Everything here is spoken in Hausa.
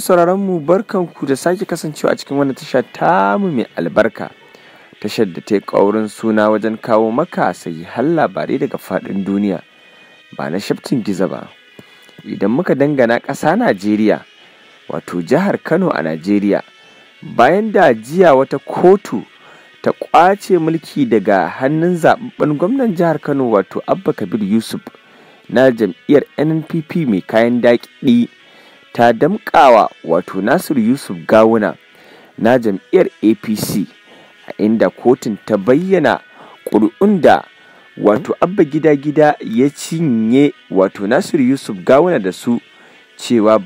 sauraron mu ku da sake kasancewa a cikin wannan tasha ta mu mai albarka. Tashar da ta yi ƙaurin suna wajen kawo maka har labarai daga faɗin duniya ba na shaftin giza ba. Idan muka dangana ƙasa Najeriya, wato jihar Kano a Najeriya, bayan da jiya wata kotu ta ƙwace mulki daga hannun zaɓaɓɓen gwamnan jihar Kano wato Abba Kabir Yusuf na jam'iyyar NNPP mai kayan daƙi. ta damƙawa wato Nasiru Yusuf Gawuna na jam'iyyar APC a inda kotun ta bayyana ƙuri'un da wato abba gida gida ya cinye wato Nasiru Yusuf Gawuna da su cewa